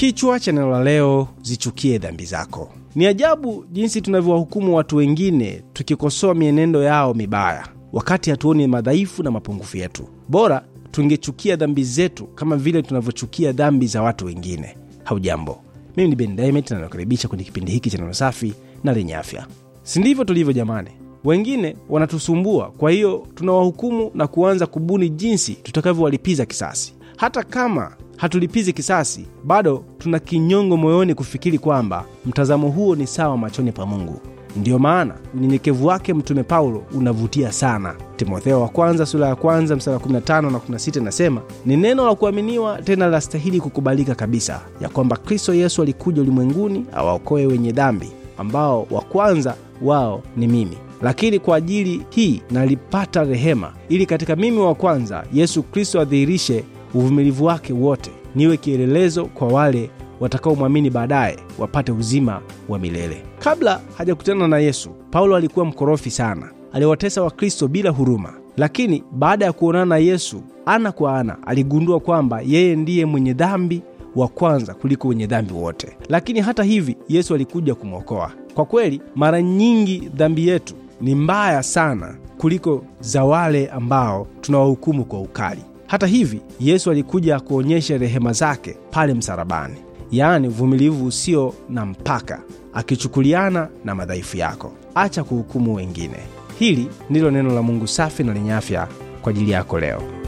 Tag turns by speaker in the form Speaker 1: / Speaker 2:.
Speaker 1: Kichwa cha neno la leo, zichukie dhambi zako. Ni ajabu jinsi tunavyowahukumu watu wengine tukikosoa mienendo yao mibaya, wakati hatuoni madhaifu na mapungufu yetu. Bora tungechukia dhambi zetu kama vile tunavyochukia dhambi za watu wengine. Haujambo, mimi ni Ben Diamond na nakaribisha kwenye kipindi hiki cha neno safi na lenye afya. Si ndivyo tulivyo jamani? Wengine wanatusumbua, kwa hiyo tunawahukumu na kuanza kubuni jinsi tutakavyowalipiza kisasi, hata kama hatulipizi kisasi, bado tuna kinyongo moyoni kufikiri kwamba mtazamo huo ni sawa machoni pa Mungu. Ndiyo maana unyenyekevu wake Mtume Paulo unavutia sana. Timotheo wa kwanza sura ya kwanza mstari wa 15 na 16 inasema ni neno la kuaminiwa tena la stahili kukubalika kabisa, ya kwamba Kristo Yesu alikuja ulimwenguni awaokoe wenye dhambi, ambao wa kwanza wao ni mimi. Lakini kwa ajili hii nalipata rehema, ili katika mimi wa kwanza Yesu Kristo adhihirishe uvumilivu wake wote, niwe kielelezo kwa wale watakaomwamini baadaye wapate uzima wa milele. Kabla hajakutana na Yesu, Paulo alikuwa mkorofi sana, aliwatesa Wakristo bila huruma, lakini baada ya kuonana na Yesu ana kwa ana, aligundua kwamba yeye ndiye mwenye dhambi wa kwanza kuliko wenye dhambi wote. Lakini hata hivi, Yesu alikuja kumwokoa. Kwa kweli, mara nyingi dhambi yetu ni mbaya sana kuliko za wale ambao tunawahukumu kwa ukali. Hata hivi, Yesu alikuja kuonyesha rehema zake pale msalabani, yaani uvumilivu usio na mpaka, akichukuliana na madhaifu yako. Acha kuhukumu wengine. Hili ndilo neno la Mungu safi na lenye afya kwa ajili yako leo.